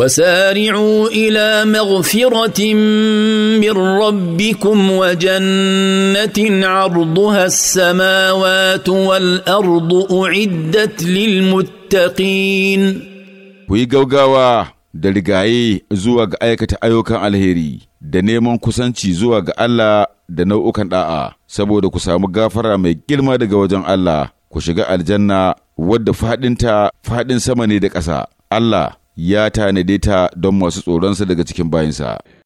وسارعوا الى مغفره من ربكم وجنه عرضها السماوات والارض اعدت للمتقين kuyi gaugawa da rigaye zuwa ga aikata ayyukan alheri da neman kusanci zuwa ga Allah da nau'ukan ɗa'a saboda ku samu gafara mai girma daga wajen Allah ku shiga aljanna wadda faɗinta faɗin sama ne da ƙasa Allah ya tanade ta don masu tsoronsa daga cikin bayinsa.